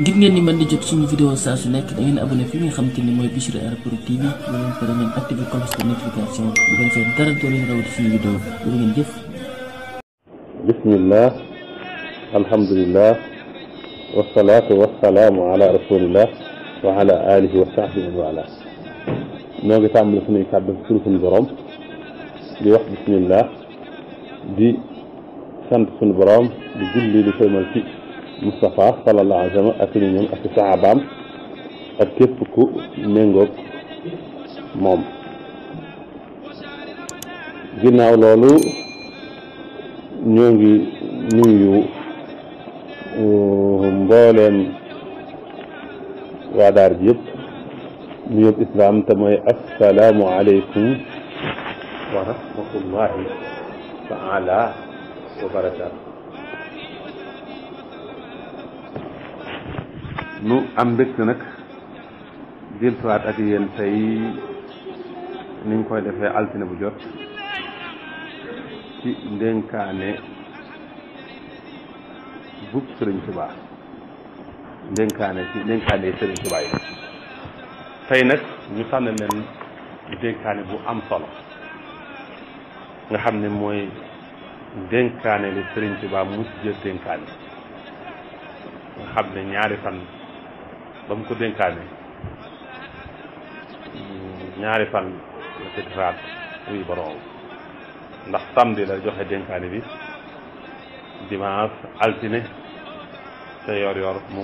ngir ngeen ni mën di jot suñu vidéo saa su nekk da ngeen abonné fi nga xam te ni mooy Bichri Art Prod TV nga leen pare ngeen activé cloche de notification bu ngeen fee dara doo leen rawati suñu vidéo loolu ngeen jëf. bismillah alhamdulillah wasalaatu wasalaamu ala rasulillah wa ala alihi wa sahbihi wa ala noo ngi tàmbali suñuy kàddu suñu borom di wax bismillah di. sant suñu borom di julli di sëlmal ci Moustapha sallallahu alayhi wa ak ñu ku méngoog moom ginnaaw loolu ñoo ngi nuyu uh, mbooleem waa daar ji yëpp nuyób islaam te mooy assalaamu taala wa barakaatu nu am mbégte nag dellusiwaat ak yéen tey niñ koy defee altine bu jot ci ndénkaane bub sëriñ Tuubaa ndénkaane ci ndénkaane sëriñ Tuubaa yi tey nag ñu tànn leen ndénkaane bu am solo nga xam ne mooy dénkaane li Sëriñ Tuubaa mus jël dénkaane nga xam ne ñaari fan ba mu ko dénkaane ñaari fan la ci defaat wuy borom ndax samedi la joxe dénkaane bi dimanche altine te yor yor mu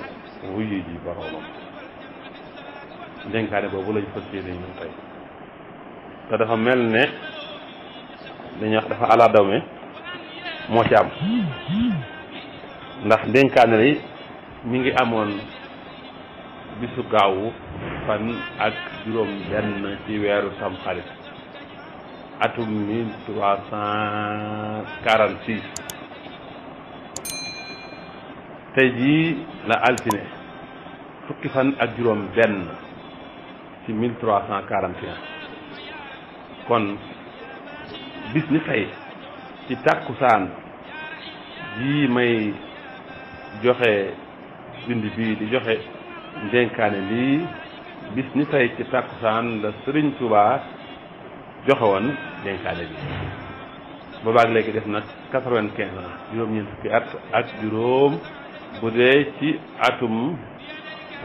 wuyu ji boroomam dénkaane boobu lañ fas yéene ñun tey te dafa mel ne dañuy wax dafa ala moo ci am ndax ndénkaane li mi ngi amoon bisu gaawu fan ak juróom benn ci weeru Tamxarit atum mille trois cent quarante jii la altine fukki fan ak juróom benn ci mille trois cent quarante un kon bis ni tey ci tàkkusaan yii may joxe bind bi di joxe ndénkaane lii bis ni tey ci tàkkusaan la sëriñ Tuubaa joxe woon dénkaane bi boobaag léegi def nag quatre-vingt-quinze juróom-ñeent fukki at ak juróom bu dee ci atum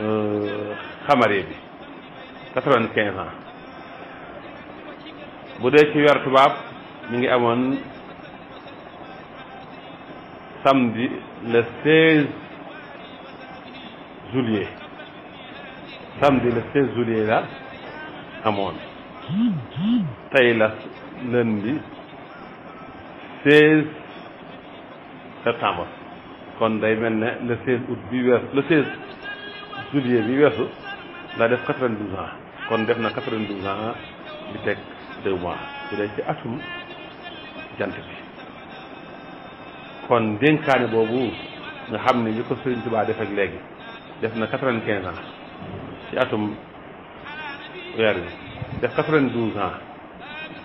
euh, xamare bi quatre bu dee ci weer tubaab mi ngi amoon samedi le 16 juillet samedi le 16 juillet la amoon tey la lundi 16 septembre kon day mel ne le 16 août bi weesu le 16 juillet bi weesu la def 92 ans kon def na 92 ans di teg deux mois su dee ci atum jant bi kon dénkaane boobu nga xam ne ñu ko Sëriñ Tuubaa def ak léegi def na quatre-vingt-quinze ans ci atum weer bi def quatre-vingt-douze ans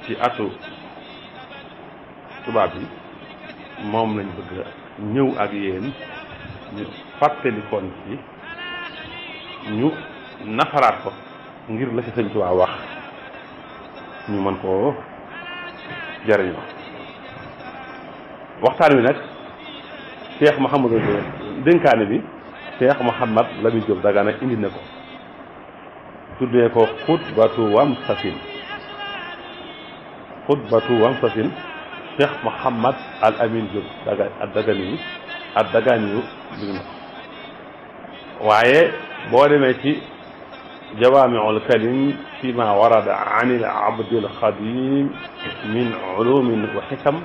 ci atu tubaab bi moom lañ bëgg ñëw ak yéen ñu fàttalikoon ci ñu nafaraat ko ngir la ci Sëriñ Tuubaa wax ñu mën koo jariñoo waxtaan wi nag cheikh Mouhamadou dénkaane bi cheikh Mouhamad Lamine Diop Dagana indi na ko tuddee ko xutbatu wam sasin xutbatu wam sasin cheikh Mouhamad al Amin Diop daga ak dagani ak dagaan yu dig na waaye boo demee ci jawaamiul kalim fi ma warada an al abdil xadim min ulumin wa xikam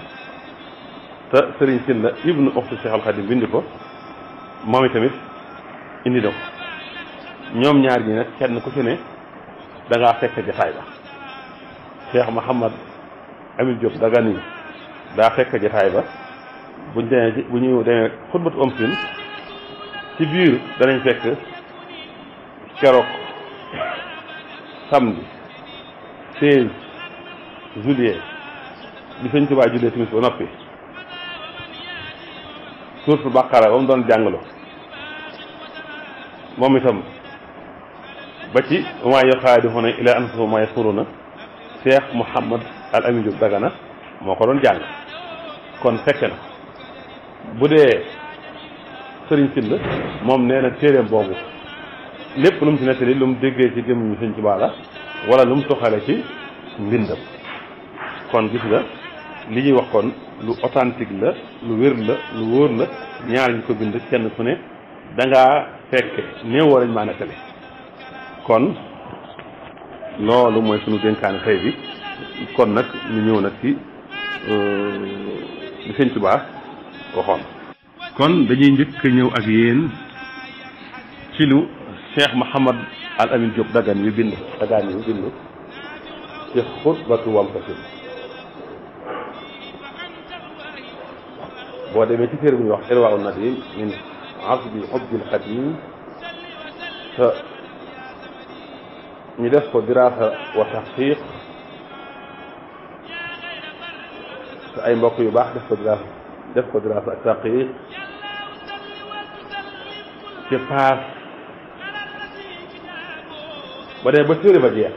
te sëriñ Sylla ibnu oxtu Cheikh Al Khadim bind ko moom itamit indi na ñoom ñaar ñi nag kenn ku ci ne da ngaa fekk jataay ba Cheikh Mouhamad Amil Diop Dagana yi daa fekk jataay ba buñ demee bu ñu demee xutbatu om ci biir danañ fekk keroog samedi 16 juillet bi sëñ Tuubaa jullee timis ba noppi suuratul baqara ba mu doon jàngalu moom itam ba ci maa yaxaadihuuna illaa anfusahum maa yasuruuna Cheikh Mouhamad Al Amin Diop Dagana moo ko doon jàng kon fekke na bu dee sëriñ Sylla moom nee na téeréem boobu lépp lu mu ci nettali lu mu déggee ci gémmiñu Sëriñ Tuubaa la wala lu mu toxale ci mbindam kon gis nga li ñuy wax kon lu authentique la lu wér la lu wóor la ñaar ñu ko bind kenn ku ne da ngaa fekke néewoo lañ maa nettali kon loolu mooy sunu dénkaane tey bi kon nag ñu ñëw nag ci euh, li sëñ Tuubaa waxoon kon dañuy njëkk ñëw ak yéen ci lu Cheikh Mouhamad Al Amin Diop Dagana yu bind Dagana yu bind ci xutbatu wam boo demee ci téere bu ñuy wax irwaawu nadim min asbi xubbil xadim te ñu def ko diraasa wa taxqiq te ay mbokk yu baax def ko diraasa def ko diraasa ak taxqiq ci paas ba demee ba téere ba jeex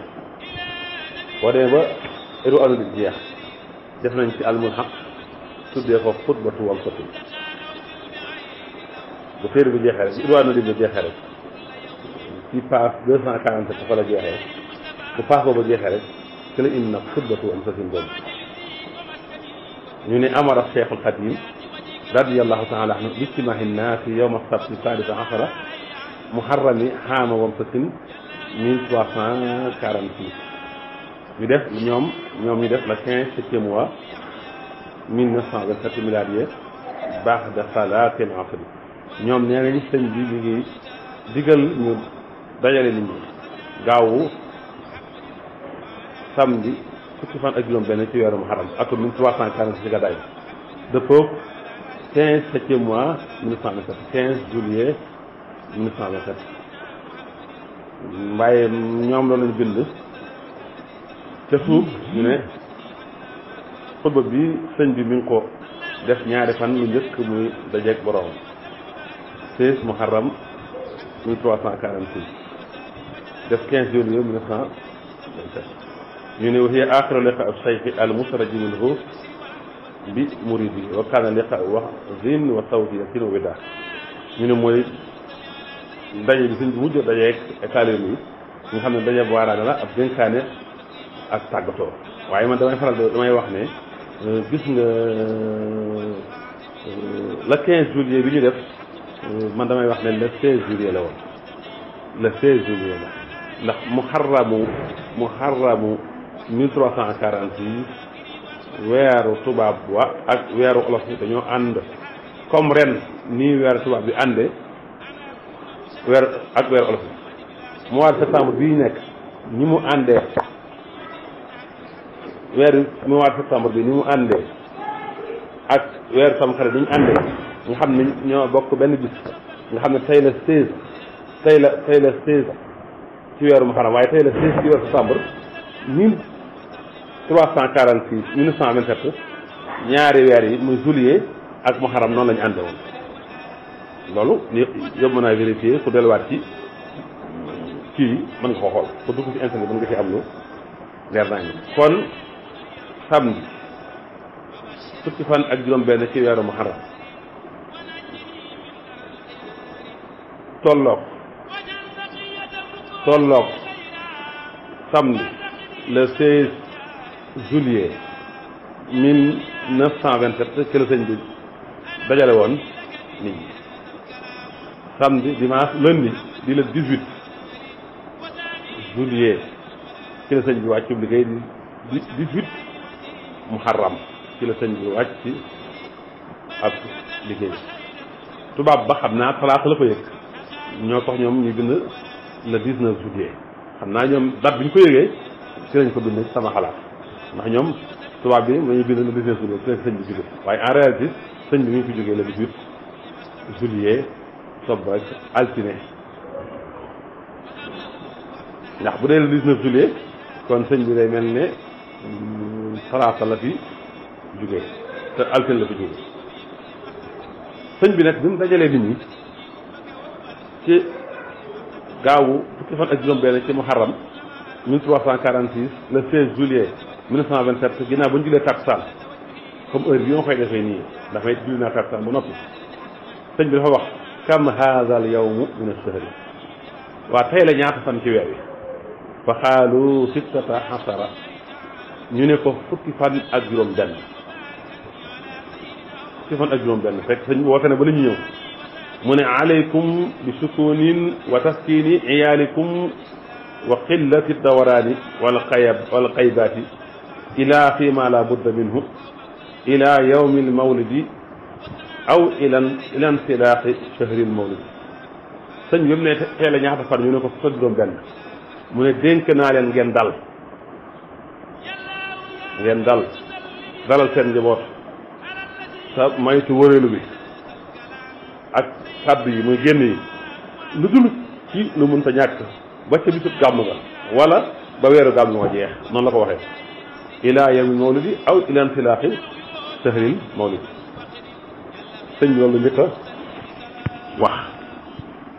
boo demee ba irwaawu nadim jeex def nañ ci almul xaq tuddee ko xutbatu wal xutub bu téere bi jeexee rek bu Irwaanul Ibn jeexee rek ci paas deux cent quarante fa la jeexee bu paas boobu jeexee rek ci la indi nag xutbatu wal xutub boobu ñu ne amara Cheikhul Xadim radiyallahu taala anhu bi ijtimaahi naasi yowma sabti saadisa asara muharrami xaama wam sasin mille trois cent quarante six ñu def ñoom ñoom ñu def la quinze septième mois mille neuf cent vingt-sept miladiye baxda salaatil asr ñoom nee nañu sëñ bi mi ngi digal ñu dajale nit ñi gaawu samedi fukki fan ak juróom benn ci weeru muharram atum mille trois cent quarante ci gàddaay dëppoo quinze septième mois mille neuf cent vingt-sept quinze juillet mille neuf cent vingt-sept waaye ñoom loolu lañu bind ca suuf ñu ne xutba bi sëñ bi mi ngi ko def ñaari fan mu njëkk muy dajeeg borom 16 muharram 1346 def 15 juillet 1927 ñu ne wa hiya aaxiru liqa ab sayxi al musraji minhu bi muridi wa kaana liqa wax zin wa sawtiyatin wa widaa ñu ne mooy ndaje bi sëñ bi mujj dajeeg taalibe yi nga xam ne daje bu la ab dénkaane ak tàggatoo waaye man damay faral damay wax ne Euh, gis nga euh, le 15 bi ñu def euh, man damay wax ne le 16 juillet la woon le 16 juillet la ndax muharramu muharramu 1346 weeru tubaab wa ak weeru olof yi dañoo ànd comme ren nii weeru tubaab bi àndee weer ak weeru olof yi mois de septembre bii nekk ñi mu àndee weeru mois de septembre bi ni mu àndee ak weeru tamxarit ni ñu àndee nga xam ne ñoo bokk benn bis nga xam ne tey la seize tey la tey la seize ci weeru muharram waaye tey la seize ci weeru septembre mille trois cent quarante six ñaari weer yi muy juillet ak muharram noonu la ñu àndee woon loolu yóbbu naa vérifier ku delluwaat ci kii man nga ko xool dugg ci internet mën nga ci am lu leer naa ñu kon samedi fukki ak juróom-benn ci weeru muharram tolloog tolloog samedi le 16 juillet 1927 ci la sëñ bi dajale woon samedi dimanche lundi di le 18 juillet ci la sëñ bi wàccu liggéey di 18. muharram ci la sëñ bi wàcc ci ab liggéey tubaab ba xam naa talaata la ko yëg ñoo tax ñoom ñu bind le 19 juillet xam naa ñoom date bi ñu ko yëgee ci lañ ko bind sama xalaat ndax ñoom tubaab bi dañuy bind le 19 juillet ci la sëñ bi jógee waaye en réalité sëñ bi mi ngi ko jógee le 18 juillet sob altine ndax bu dee le 19 juillet kon sëñ bi day mel ne. farata la fi jógee te altine la fi jógee sëñ bi nag bi mu dajalee nit ñi ci gaawu fukki fan ak juróom-benn ci muharram 1346 le 16 juillet 1927 ginnaaw ba ñu julee takkusaan comme heure bi ma koy defee nii ndax may julli naa takkusaan ba noppi sëñ bi dafa wax kam haada al yawmu min ashahri waa tey la ñaata fan ci weer wi fa xaalu sittata xasara ñu ne ko fukki fan ak juróom benn fukki fan ak juróom benn fekk sëñ bi woote na ba la ñu ñëw mu ne alaykum bi sukunin wa taskini iyalikum wa qillati dawaraani wal xayab wal xaybaati ila fi ma la budda minhu ila yawmi lmawlidi aw ilan ilan silaaxi shahri lmawlidi sëñ bi mu ne teel a ñaata fan ñu ne ko fukk ak juróom benn mu ne dénk naa leen ngeen dal ngeen dal dalal seen njaboot sa maytu wëreelu bi ak kàddu yi muy génn yi lu dul ci lu mënta ñàkk ba ca bisub gàmm ga wala ba weeru gàmm nga jeex noonu la ko waxee ilaa yawmi mawlidi aw ilaa insilaaxi sahril mawlidi sëñ loolu njëkk a wax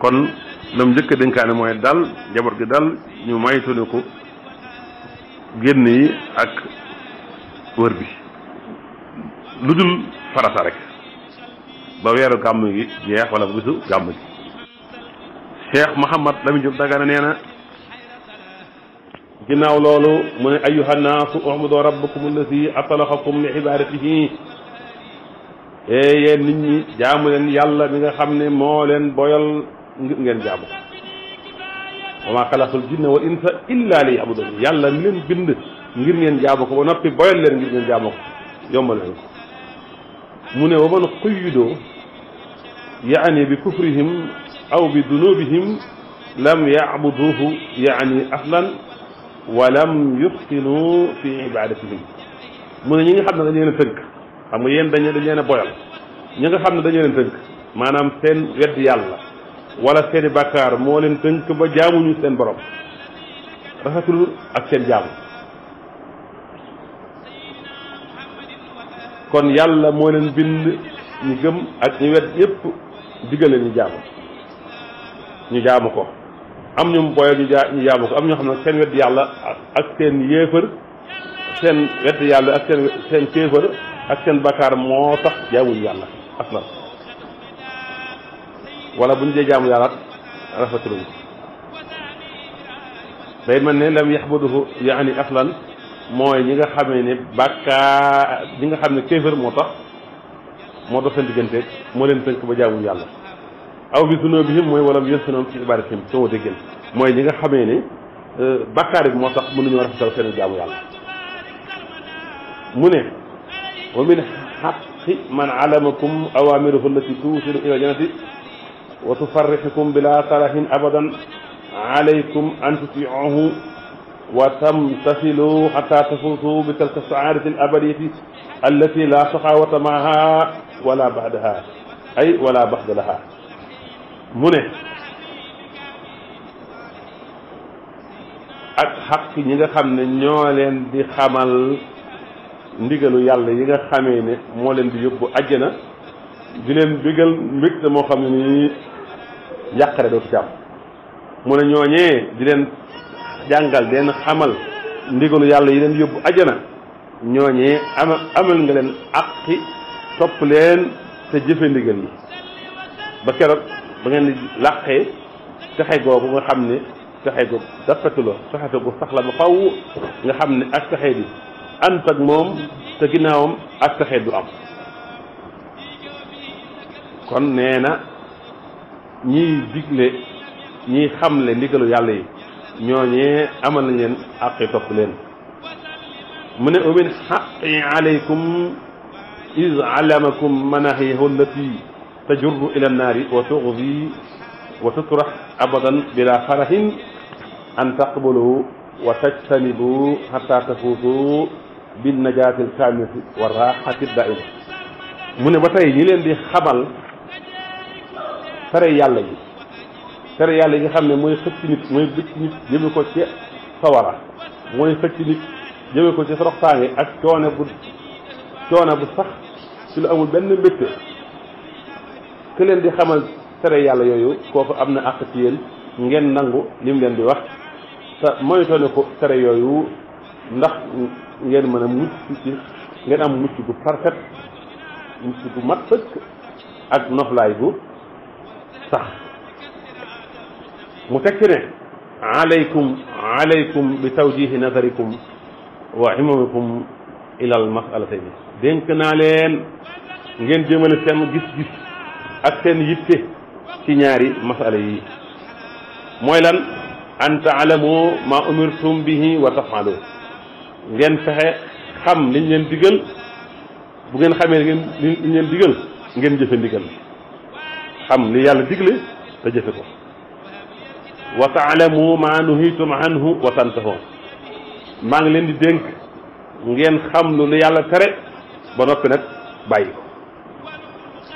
kon lam njëkk a dénkaane mooy dal njaboot gi dal ñu maytu ne ko génn yi ak wër bi lu dul farata rek ba weeru gàmm gi jeex wala ba bisu gàmm gi cheikh Mouhamad Lamine Diop Dagana nee na ginnaaw loolu mu ne ayyuha naasu ahmadu rabbakum alladi atalaxakum li ibadatihi ee yéen nit ñi jaamu leen yàlla mi nga xam ne moo leen boyal ngir ngeen jaamu ko wa maa xalaqul jinna wal insa illa li yabudun yàlla mi leen bind ngir ngeen jaamu ko ba noppi boyal leen ngir ngeen jaamu ko yombal leen ko mu ne wa man xuyyidoo yaani bi kufrihim aw bi dunubihim lam yacbuduuhu yaani aslan wa lam yuxsinu fi ibadatihim mu ne ñu nga xam ne dañ leen a tënk xam nga yéen dañu dañ leen a boyal ñi nga xam ne dañ leen tënk maanaam seen wedd yàlla wala seeni bàkkaar moo leen tënk ba jaamuñu seen borom rafetul ak seen jaamu kon yàlla moo leen bind ñu gëm ak ñu wet yépp digale ñu jaamu ñu jaamu ko am ñu boyal ñu jaa ñu jaamu ko am ñoo xam ne seen wet yàlla ak seen yéefër seen wet yàlla ak seen seen kéefër ak seen bakkaar moo tax jaamuñu yàlla aslan walla bu ñu dee jaamu yàlla rafetlu day mel ne lam yaxbuduhu yaani aslan mooy ñi nga xamee ne bàkkaar ñi nga xam ne kéefër moo tax moo tax seen diggante moo leen tënk ba jaamu yàlla aw bi dunoo bi him mooy wala bi yënsunoon ci ibadatihim sama déggéen mooy ñi nga xamee ne euh, bàkkaar bi moo tax mënuñoo rafetal seen jaamu yàlla mu ne wa min xaqi man alamakum awamiruhu allati tuusilu ila jannati wa tufarrixukum bila tarahin abadan alaykum an tutiuhu watam tamtasilu xata tafuusu bi tilka saadati al abadiyati allati la saxaawata maaha wala baxdaha ay wala baxda laha mu ne ak xaq ñi nga xam ne ñoo leen di xamal ndigalu yàlla yi nga xamee ne moo leen di yóbbu àjjana di leen bégal mbégte moo xam ne nii yàqare dootu ci mu ne ñooñee di leen jàngal di leen xamal ndigalu yàlla yi leen yóbbu ajana ñooñee ama amal nga leen àqi topp leen te jëfe ndigal yi ba keroog ba ngeen di làqee texe googu nga xam ne texe googu dappetuloo texe googu sax la ba faw nga xam ne ak texe bi ànd ak moom ginnaawam ak texe du am kon nee na ñiy digle ñiy xamle ndigalu yàlla yi ñooñee amal nañ leen àqi topp leen mu ne wa min xaqi alaykum is alamakum manahiyahu allati tajurru ila annaari wa tuxzi wa tutrax abadan bila farahin an taqbalu wa tajtanibu xata tafuutu bin najaati alkaamilati wa raaxati daima mu ne ba tey ñi leen di xamal tere yàlla yi tere yàlla yi nga xam ne mooy xëcc nit mooy xëcc nit jëme ko ci sawara mooy xëcc nit ko ci ak coone bu coone bu sax ci lu amul benn mbégte ke leen di xamal tere yàlla yooyu kooku am na àq ci ngeen nangu lim leen di wax te moytone ko tere yooyu ndax ngeen mën a mucc ci ngeen am mucc bu parfait mucc gu mat sëkk ak noflaay gu sax mu teg ci ne alaykum alaykum bi tawjihi nazarikum wa imamikum ilal masalatayni dénk naa leen ngeen jëmale seen gis-gis ak seen yitte ci ñaari masala yi mooy lan an taalamu ma umirtum bihi wa tafalu ngeen fexe xam liñ leen digal bu ngeen xamee ngeen liñ ngeen jëfe ndigal xam li yàlla digle te jëfe ko wa taalamu ma nuhitum anhu wa tantahu maa ngi leen di dénk ngeen xam lu yàlla tere ba noppi nag bàyyi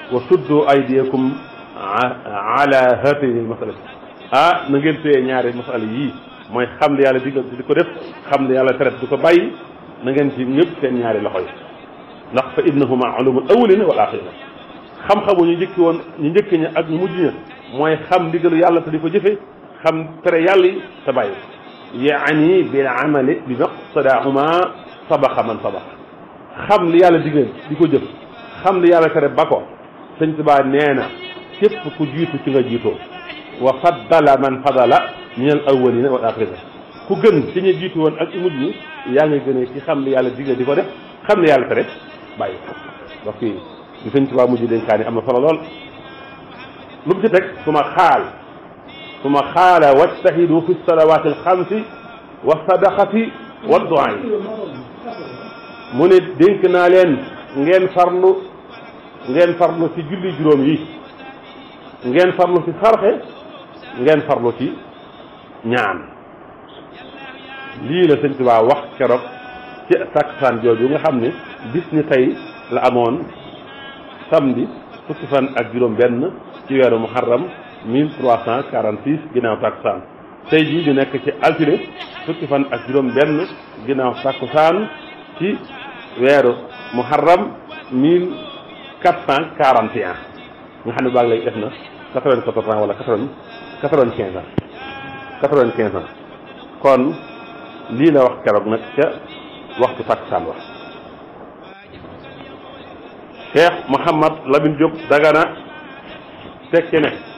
ko wa suddu aydiyakum ala hatihi masala ah na ngeen téye ñaari masala yii mooy xam li yàlla digal di ko def xam li yàlla tere di ko bàyyi na ngeen ci ñëpp seen ñaari loxo yi ndax fa innahuma ulumul awwalina wal axirina xam-xamu ñu njëkki woon ñu njëkki ña ak mujj ña mooy xam ndigalu yàlla te di ko jëfe xam tere yàlla yi te bàyyi yaani bil amali bi maqtadaahuma sabaxa man sabax xam li yàlla digal di ko jëf xam li yàlla tere ba ko sëñ Tuubaa nee na képp ku jiitu ci nga jiitoo wa faddala man fadala min al awwalina wal axirina ku gën ci ñu jiitu woon ak mujj ñi yaa ngi gënee ci xam li yàlla digal di ko def xam li yàlla tere bàyyi ko li sëñ Tuubaa mujj dénkaani am na solo lool lu mu ci teg suma xaal suma xaala wajtahidu fi salawaati alxamsi wa sadaqati wa duaay mu ne dénk naa leen ngeen farlu ngeen farlu ci julli juróom yi ngeen farlu ci sarxe ngeen farlu ci ñaan lii la sëñ Tuubaa wax keroog ci takkusaan jooju nga xam ni bis ni tey la amoon samedi fukki fan ak juróom benn ci weeru muharram 1346 ginnaaw takkusaan tey jii ñu nekk ci altine fukki fan ak juróom benn ginnaaw takkusaan ci weeru muharram 1441 nga xam ne baag lay def na 94 ans wala 80 95 ans 95 ans kon lii la wax keroog nag ca waxtu takkusaan wax Cheikh Mouhamad Lamine Diop Dagana teg ne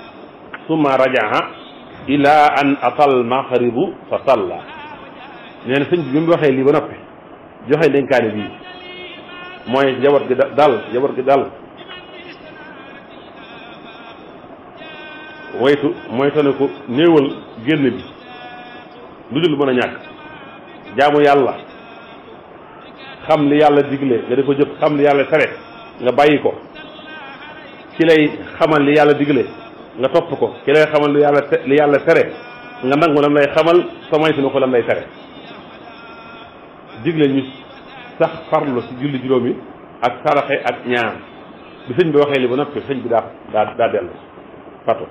summa rajaa ila an atal maxribu fa salla nee na sëñ bi bi mu waxee lii ba noppi joxe dénkaane bii mooy njaboot gi dal njaboot gi dal waytu mooy tane ko néewal génn bi lu dul mën a ñàkk jaamu yàlla xam li yàlla digle nga di ko jëf xam li yàlla tere nga bàyyi ko ci lay xamal li yàlla digle nga topp ko ki lay xamal lu yàlla lu yàlla tere nga nangu lam lay xamal sa moytunu ko lam lay tere digle ñu sax farlu ci julli juróomi ak saraxe ak ñaan bi sëñ bi waxee li ba noppi sëñ bi daa daa daa dellu fatu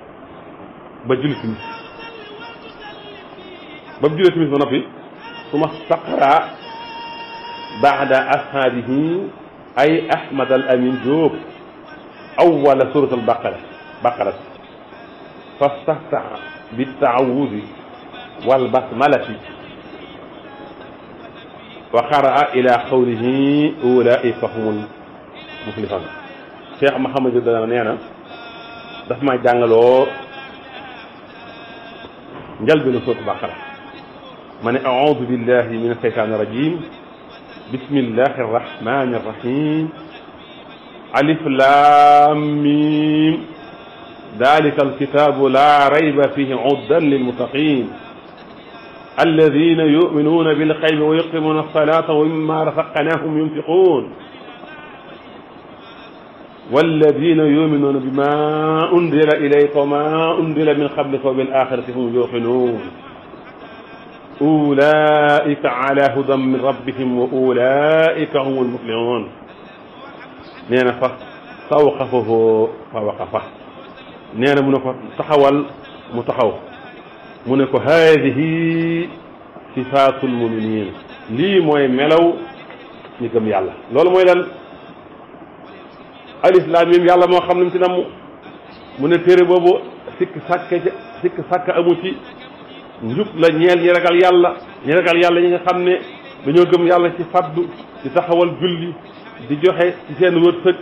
ba julli timis ba mu julli ba noppi su ma saqaraa baada ashaabihi ay ahmad al amin jóob awwala surat al baqara fastafta bittaawuzi wal basmalati wa xaraa ila xawlihi ulai fahumul muflihun cheikh mahamadu dana nee na daf ma jàngaloo njëlbéenu sootu baqara ma ne audu billahi min alcheytaani rajim bismillahi arrahmani arrahim alif lam mim ذلك الكتاب لا ريب فيه هدى للمتقين الذين يؤمنون بالغيب ويقيمون الصلاة ومما رزقناهم ينفقون والذين يؤمنون بما أنزل إليك وما أنزل من قبلك وبالآخرة هم يوقنون أولئك على هدى من ربهم وأولئك هم المفلحون nee na fa fa waqafahu fa waqafa nee na mu ne ko taxawal mu taxaw mu ne ko haadihi sifaatul muminin lii mooy melaw ñi gëm yàlla loolu mooy lan alif laam miim yàlla moo xam ne mu ci namm mu ne téere boobu sikk sàkk sikk sàkk amu ci njub la ñeel ñi ragal yàlla ñi ragal yàlla ñi nga xam ne dañoo gëm yàlla ci faddu di taxawal julli di joxe ci seen wërsëg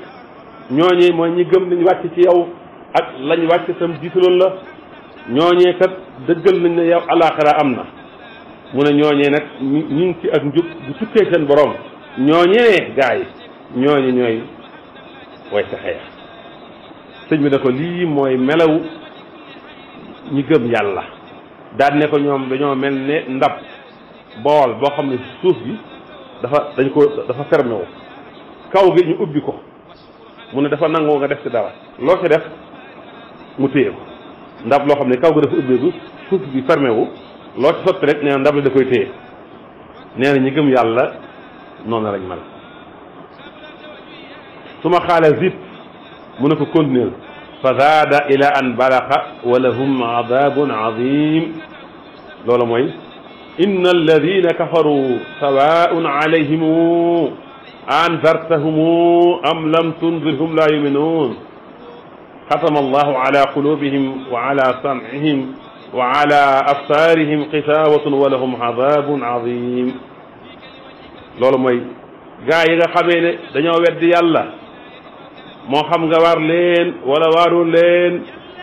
ñooñu mooy ñi gëm nañ wàcc ci yow ak lañ wàcc itam diisaloon la ñooñee kat dëggal nañ ne yow alaaxira am na mu ne ñooñee nag ñu ngi ci ak njub bu tukkee seen borom ñooñee gaa yi ñooñu ñooy way taxee sëñ bi ne ko lii mooy melaw ñi gëm yàlla daan ne ko ñoom dañoo mel ne ndab bool boo xam ne suuf bi dafa dañ ko dafa fermé wu kaw gi ñu ubbi ko mu ne dafa nangoo nga def ci dara loo ci def mu téye ko ndab loo xam ne kaw ga dafa ubbeeku suuf bi fermé wu loo ci sotti rek nee na ndab li da koy téye nee na ñi gëm yàlla noonu lañ mel su ma xaale zip mu ne ko continuer fa zaada ila an balaxa wa lahum adabun azim loolu mooy inna alladina kafaru sawaun alayhimu anzartahumu am lam tunzirhum la yuminun xatama allahu ala qulubihim wa ala sam'ihim wa ala absaarihim xisaawatun wa lahum azabun azim loolu mooy gaa yi nga xamee ne dañoo weddi yàlla moo xam nga waar leen wala waarul leen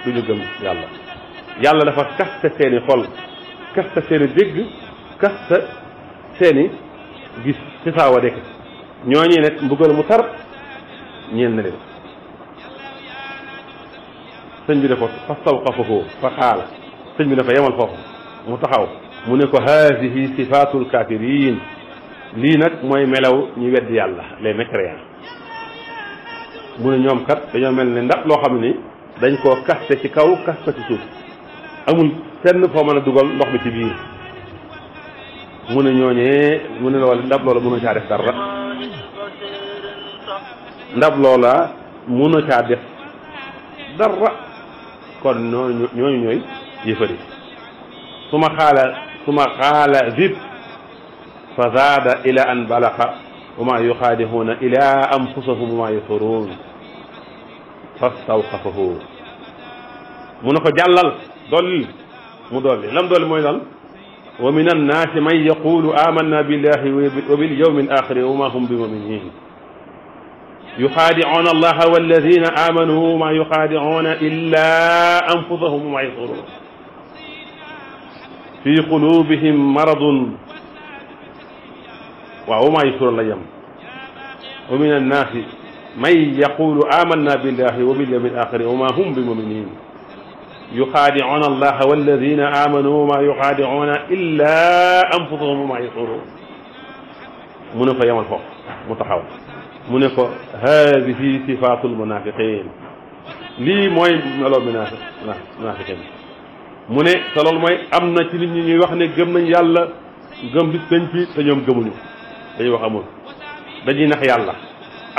du ñu gëm yàlla yàlla dafa kasta seeni xol kasta seeni dégg kasta seeni gis xisaawa dekk ñooñu nag mbugal mu tar ñeel na leen sëñ bi ne ko fastawqafahu fa xaala sëñ bi ne ko yemal foofu mu taxaw mu ne ko haadihi sifaatul kaafiriin lii nag mooy melaw ñu weddi yàlla les mécréants mu ne ñoom kat dañoo mel ni ndax loo xam ni dañ koo kaste ci kaw kaste ci suuf amul fenn foo mën a dugal ndox mi ci biir mu ne ñooñee mu ne loolu ndab loola mënoo caa def dara ndab loola mënoo caa def dara kon ñooñu ñooñu ñooy yëfari su ma xaala su ma xaala zib fa zaada ila an balaxa wa ma yuxaadihuuna ila anfusahum wa ma yusirun fastawqafahu mu ne ko jàllal dolli mu dolli lam dolli mooy lan wa min annaasi man yaqulu amanna billahi wa bil yawmi al axiri wa ma hum bi muminin yuxaadicuuna allaha walladina aamanu ma yuxaadicuuna illa anfusahum wa yasuruun fi qulubihim maradun waaw ma yasuruun la yem wa min annaasi man yaqulu aamanna billahi wa bil yawmil aaxiri wa ma hum bi muminin yuxaadicuuna allaha walladina aamanu ma yuxaadicuuna illa anfusahum wa ma yasuruun mu ne fa yemal foofu mu taxaw mu ne ko haadihi sifaatul munaafiqiin lii mooy meloo munaafiq munaafiqiin mu ne te loolu mooy am na ci nit ñi ñuy wax ne gëm nañ yàlla gëm bis dañ fi te ñoom gëmuñu dañuy wax amul dañuy nax yàlla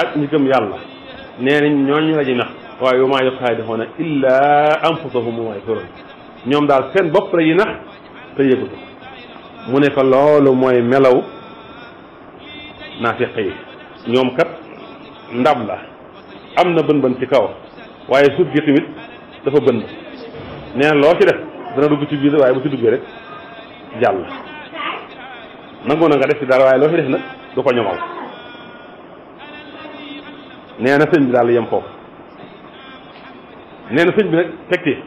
ak ñu gëm yàlla nee nañ ñooñu la ñuy nax waaye wa maa yuxaadi'uuna illaa anfusahum wa maa yash'uruun ñoom daal seen bopp la ñuy nax te yëgutu mu ne ko loolu mooy melaw naafiq yi ñoom kat ndab la am na bën-bën ci kaw waaye suuf gi tamit dafa bën nee na loo ci def dana bu ci biir waaye bu ci duggee rek jàll nangu na nga def ci daal waaye loo ci def nag du ko ñomal nee na sëñ bi daal yem foofu neena na sëñ bi nag tekki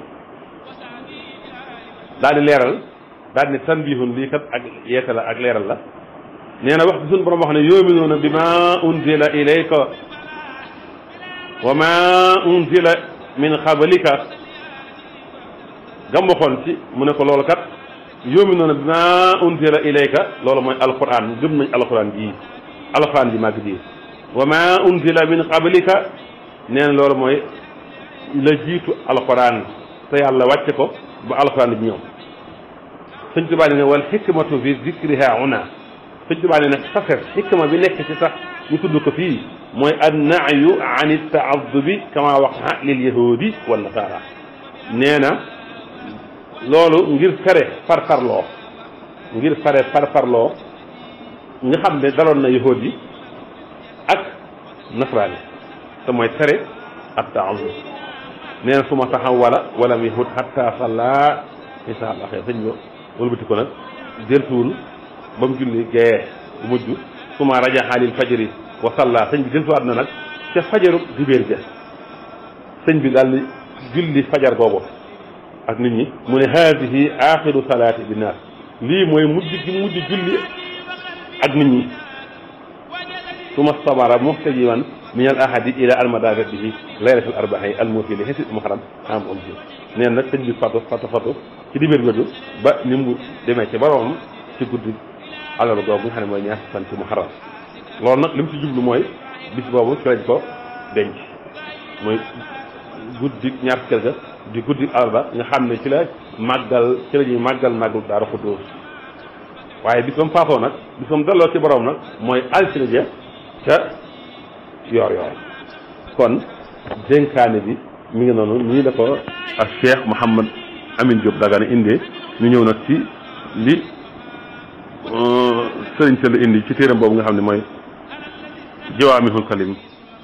daal di leeral daal di ne tanbihun lii kat ak yeete la ak leeral la nee na wax bi suñu borom wax ne yuminuuna bi ma unzila ilayka wa ma unzila min qablika gam waxoon ci mu ne ko loolu kat yuminuuna bi ma unzila ilayka loolu mooy alquran gëm nañ alquran jii alquran ji màgg ji wa ma unzila min qablika nee na loolu mooy la jiitu alquran te yàlla wàcce ko ba alquran bi ñëw sëñ Tuubaa ne wal xikmatu fi zikriha una sëñ Tuubaa ne nag safar xikma bi nekk ci sax ñu tudd ko fii mooy an naayu an it taaddubi kama waqa lil yahudi wa nasara nee na loolu ngir fere farfarloo ngir fere farfarloo nga xam ne daloon na yahud yi ak nasraan yi te mooy fere ak taadub nee na suma taxawala walam yahud hatta salla isa al axir sëñ bi wëlbati ko nag deltuwul ba mu julli gee bu mujj suma raja xaalil fajari wa salla sëñ bi gën suwaat na nag ca fajaru dibéer ja sëñ bi daal julli fajar boobu ak nit ñi mu ne haadihi axiru salaati binnaas lii mooy mujj gi mujj julli ak nit ñi suma stabara muxtajiman min al ahadi ila almadaga bihi laylatal arbahi almufi li xesit muharam am am ji neen nag sëñ bi fatu fatu fatu ci dibéer jooju ba ni mu demee ci boromam ci guddi àllarba googu nga xam ne mooy ñaar fan ci muharram loolu nag li mu ci jublu mooy bis boobu ci ko denc mooy guddi ñaar fukki ga di guddi àllarba nga xam ne ci la màggal ci la ñuy màggal màggal Daaru Xudoos waaye bis ba mu faatoo nag bis ba mu delloo ci boroom nag mooy altine ja ca yoor yoor kon dénkaane bi mu ngi noonu nii la ko ak Cheikh Mouhamad Amine Diop Dagana indee ñu ñëw nag ci li sëriñ Sall indi ci téeram boobu nga xam ne mooy jawaamihul kalim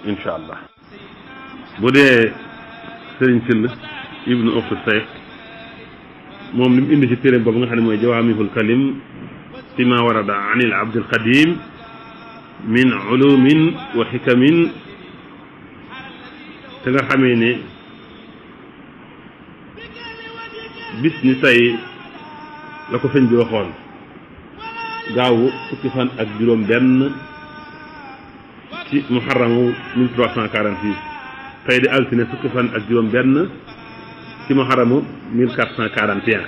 incha allah bu dee sëriñ Sall ibnu Uxtu Seex li indi ci téeram boobu nga xam ne mooy jawaamihul kalim fi ma warada anil abdil qadim min ulumin wa xikamin te nga xamee ne bis ni tey la ko gaawu fukki fan ak juróom benn ci muharramu 1346 tey di altine fukki fan ak juróom benn ci muharramu 1441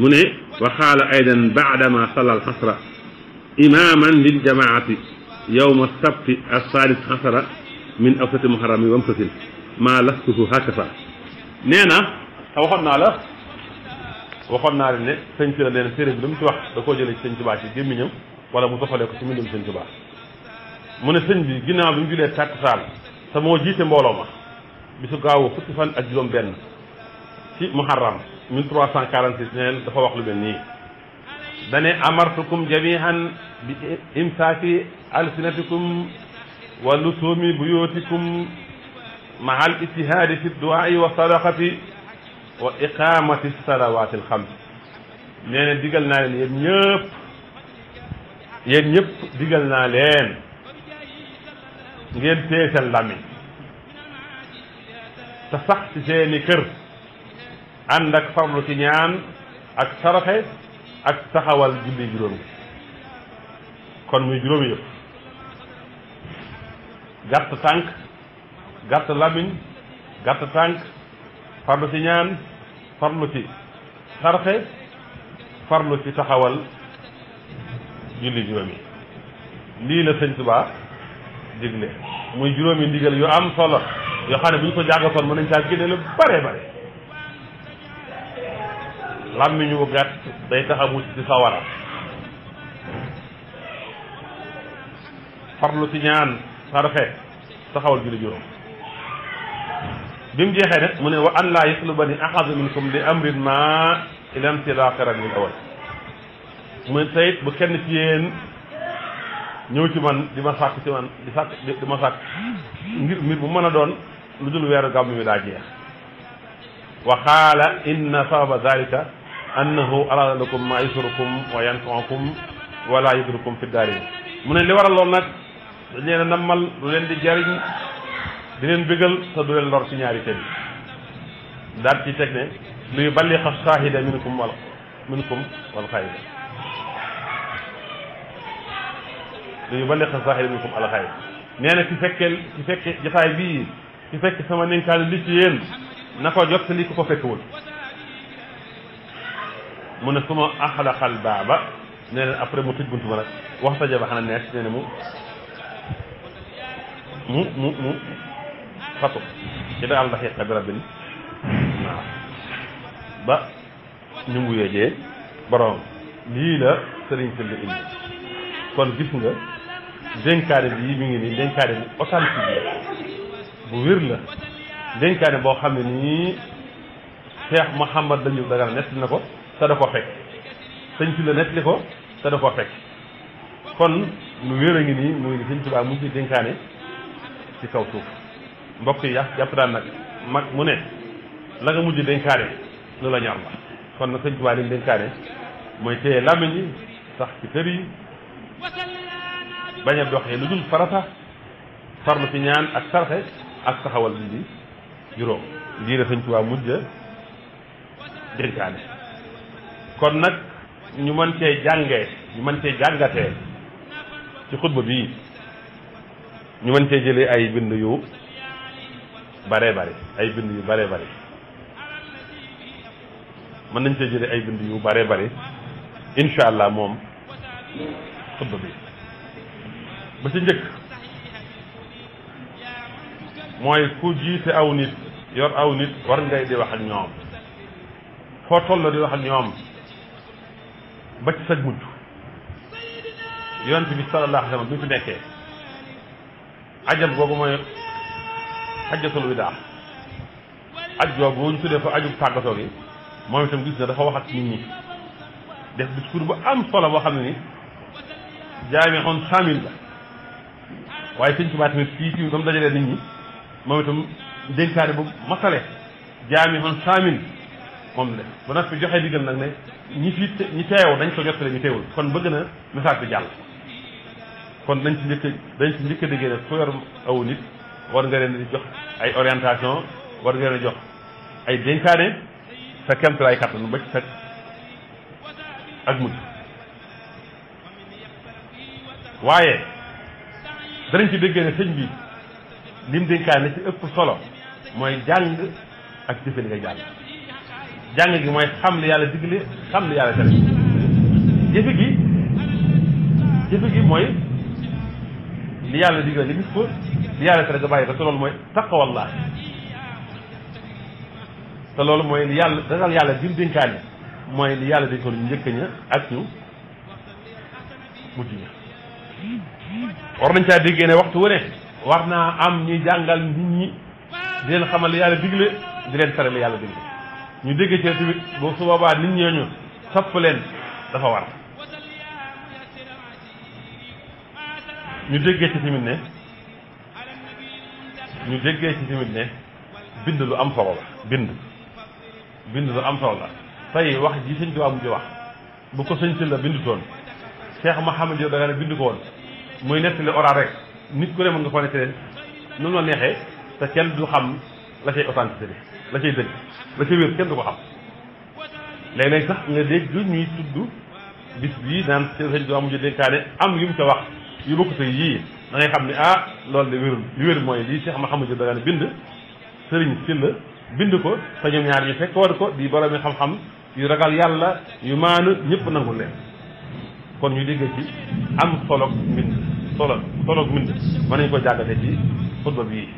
mu ne wa xaala aydan baadama salla alxasra imaman liljamaati yowma sabti assadis xasara min awsati muharrami wamsatin maa lastuhu hakaza nee na te waxoon naa la waxoon naa leen ne sëñ Sira nee na séeréer bi lu mu ci wax da koo jëlee ci sëñ Tuubaa ci gémmiñam wala mu soxalee ko ci mbindum sëñ Tuubaa mu ne sëñ bi ginnaaw bi mu julee tàkkusaan te moo jiite mbooloo ma bisu gaawu fukki fan ak juróom benn ci muharram 1346 neen dafa wax lu mel nii dane amartukum jamihan bi imsaaki alsinatikum wa lusuumi buyootikum maal ijtihaadi fi duwaai wa sadaqati wa iqamati salawaatil xams nee na digal naa leen yéen ñëpp yéen ñëpp digal naa leen ngeen téye làmmiñ te sax ci seeni kër ànd ak farlu ci ñaan ak saraxe ak taxawal julli juróom kon muy juróomi yëpp gàtt tànk gàtt làmmiñ gàtt tànk farlu ci ñaan farlu ci sarxe farlu ci taxawal julli juróomi lii la sëñ Tuubaa digle muy juróomi ndigal yu am solo yoo xam ne bu ñu ko jàngatoon mën nañ caa génne lu bare bare làmmiñu wu gàtt day tax a mucc ci ñaan sarxe taxawal julli juróom bi mu jeexee nag mu ne wa an laa yatluba ni ahadu minkum li amrin ma ila mtilaqi rajulil awal mu ne tey bu kenn ci yéen ñëw ci man di ma sàkk ci man di sàkk di ma sàkk ngir mbir mu mën a doon lu dul weeru gàmmu mi daa jeex wa qaala inna sababa dalika annahu arada lakum yusurukum wa yanfaakum wala yudrukum fi mu ne li waral loolu nag dañ leen a nammal lu leen di jariñ di leen bëggal te leen lor ci ñaari kër yi daal ci teg ne luy ballixa saahida minkum wal minkum wal xayda luy ballixa saahida minkum al xayda nee na ci fekkee ci fekkee jotaay bii ci fekk sama nenkaane li ci yéen na ko jot li ku ko fekkewul mu ne su ma axlaxal baaba nee après mu tëj buntu ba nag waxta jaba xana nekk nee na mu fatu ci daal laxiqa bi rabbin naas ba ñu ngi wéejee borom lii la sëriñ si indi kon gis nga dénkaane bi yi mi ngi nii dénkaane bu authentique la bu wér la dénkaane boo xam ne nii Cheikh Mouhamad dañu dagal nett na ko te da ko fekk sëñ si la nett ko te da ko fekk kon lu wér a ngi nii muy ni sëñ Tuubaa mu ci dénkaane ci kaw suuf mbokk yi yàq jàpp daan nag mag mu ne la nga mujj dénkaane lu la ñor la kon nag sëñ Tuubaa lim dénkaane mooy téye làmmiñ sax ci kër yi bañ a doxee lu dul farata farlu ci ñaan ak sarxe ak saxawal bi di juróom lii la sëñ Tuubaa mujj dénkaane kon nag ñu mën cee jàngee ñu mën cee jàngatee ci xutba bii ñu mën cee jëlee ay bind yu baree bari ay bind yu baree bari mën nañ cee jëlee ay bind yu baree bari incha allah moom xutba bi ba ci njëkk mooy ku jiite aw nit yor aw nit war ngay di wax ak ñoom foo toll di wax ak ñoom ba ci sag mujj yonent bi sallallahu alayhi wa sallam bi fi nekkee ajab googu mooy xajjatul widaa aj googu ñu tuddee ko aju tàggatoo gi moom itam gis na dafa wax ak nit ñi def discours bu am solo boo xam ne ni jaami on saamil la waaye sëñ Tuubaa tamit fii fii ba mu dajalee nit ñi moom itam dénkaane bu matale jaami on saamil moom la ba nag fi joxee digal nag ne ñi fi ñi teew dañ ko jottale ñu teewul kon bëgg na message bi jàll kon dañ ci njëkk dañ ci njëkk a déggee ne yor aw nit war nga leen di jox ay orientation war nga leen di jox ay dénkaane sa kemtalaay kattan ba ci sa ak mujj waaye danañ ci déggee ne sëñ bi lim dénkaane la ci ëpp solo mooy jàng ak jëfe li nga jàng jàng gi mooy xam li yàlla digle xam li yàlla tere jëfe gi jëfe gi mooy li yàlla digle li gis ko yàlla nga bàyyi ko te loolu mooy taqwallah te loolu mooy li yàlla ragal yàlla bi mu dénkaane mooy li yàlla dénkoon ñu njëkk ña ak ñu mujj war nañ caa déggee ne waxtu wu ne naa am ñuy jàngal nit ñi di leen xamal yàlla digle di leen tere li yàlla digle ñu déggee ci tamit boo su boobaa nit ñooñu topp leen dafa war ñu déggee ci tamit ne ñu déggee ci tamit ne bind lu am solo la bind bind lu am solo la tey wax ji sëñ Tuubaa mujj wax bu ko sëñ si la bind toon Cheikh Mouhamed yow da nga ne bind ko woon muy nettali oral rek nit ko ne mën nga ko nettali nu mu la neexee te kenn du xam la cay authenticité la cay dëgg la cay wér kenn du ko xam léeg-léeg sax nga dégg ñuy tudd bis bii naan sëñ Tuubaa mujj dénkaane am yi mu ca wax yu bokk te yii da ngay xam ne ah loolu de wérul li wér mooy lii Cheikh Mouhamadou Diop Dagana bind sëriñ Sylla bind ko te ñaar ñu fekkoon ko di boromi xam-xam yu ragal yàlla yu maanu ñëpp nangu leen kon ñu dégg ci am solo mbind solo mbind mën nañu ko jàngate ci xutba bii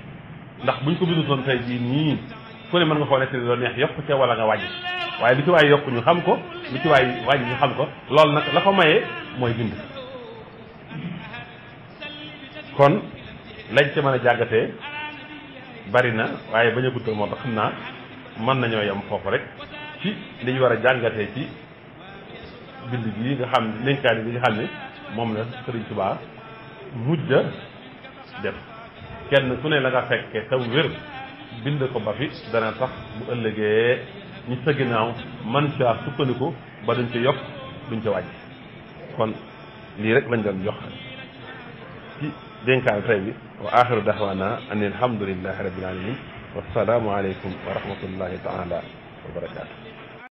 ndax buñ ko bindu doon tey jii nii ku ne mën nga koo nekk di doon neex yokk ca wala nga wàññi waaye lu ci waay yokk ñu xam ko lu ci waay wàññi ñu xam ko loolu nag la ko mayee mooy bind kon lañ ci mën a jàggate bari na waaye bañ a guddal moo tax xam naa mën nañoo yam foofu rek ci li war a jàngatee ci bind bii nga xam linkaan bi nga xam ne moom la Sëriñ Tuubaa mujj a def kenn ku ne la nga fekke taw wér bind ko ba fi dana tax bu ëllëgee ñu sa ginnaaw man caa sukkandiku ba duñ ci yokk duñ ca wàññi kon lii rek lañ doon jox dénkaan tey bi wa axiru daxwaana an alhamdulillahi rabbil alamin wassalaamu aleykum wa rahmatullahi taala wa barakaatu